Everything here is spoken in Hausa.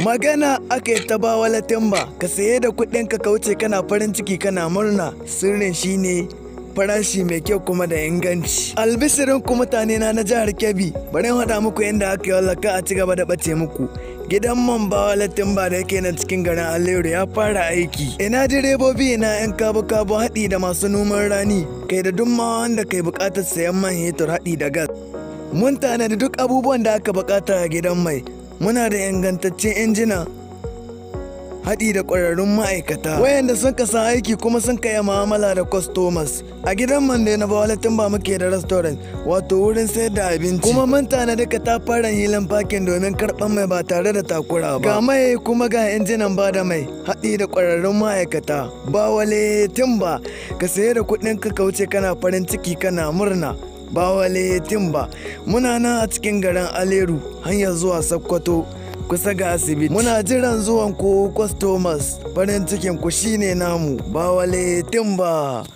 Magana aka yi ta bawa latimba ka saye da kuɗin ka wuce kana farin ciki kana murna sirrin shine farashi mai kyau kuma da inganci. Albisirin ku mutane na na jihar Kebbi bari haɗa muku yadda aka yi wallaka a ci gaba da ɓace muku. Gidan man bawa latimba da yake nan cikin garin Aleru ya fara aiki. Ina direbobi na 'yan kabu-kabu haɗi da masu noman rani kai da dumma wanda kai buƙatar sayan man hetur haɗi da gas. Mun tanadi duk abubuwan da aka buƙata a gidan mai muna da ingantaccen injina haɗi da ƙwararrun ma'aikata wayanda sun ka aiki kuma sun kai ma'amala mu'amala da customers a gidan man da na bawalatin ba muke da restaurant wato wurin sayar da abinci kuma mun tanadi ka ta fara hilin parking domin karɓan mai ba tare da takura ba ga mai kuma ga injinan ba da mai haɗi da ƙwararrun ma'aikata ba wale timba ka saye da kuɗin ka kauce kana farin ciki kana murna ba waletin ba muna nan a cikin garin aleru hanyar zuwa sakkwato kusa ga asibiti muna jiran zuwan ku customers farin cikin ku shine namu ba waletin ba